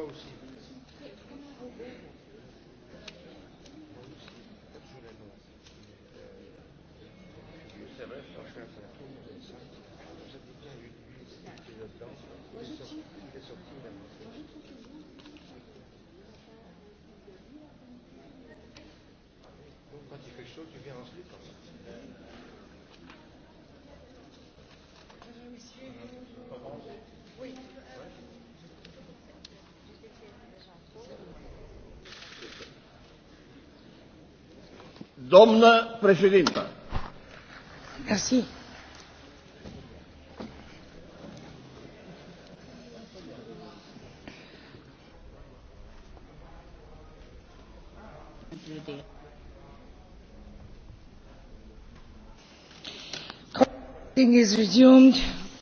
pas aussi. Quand il fait chaud, tu viens ensuite. Doamnă președintă. Merci. Meeting is resumed.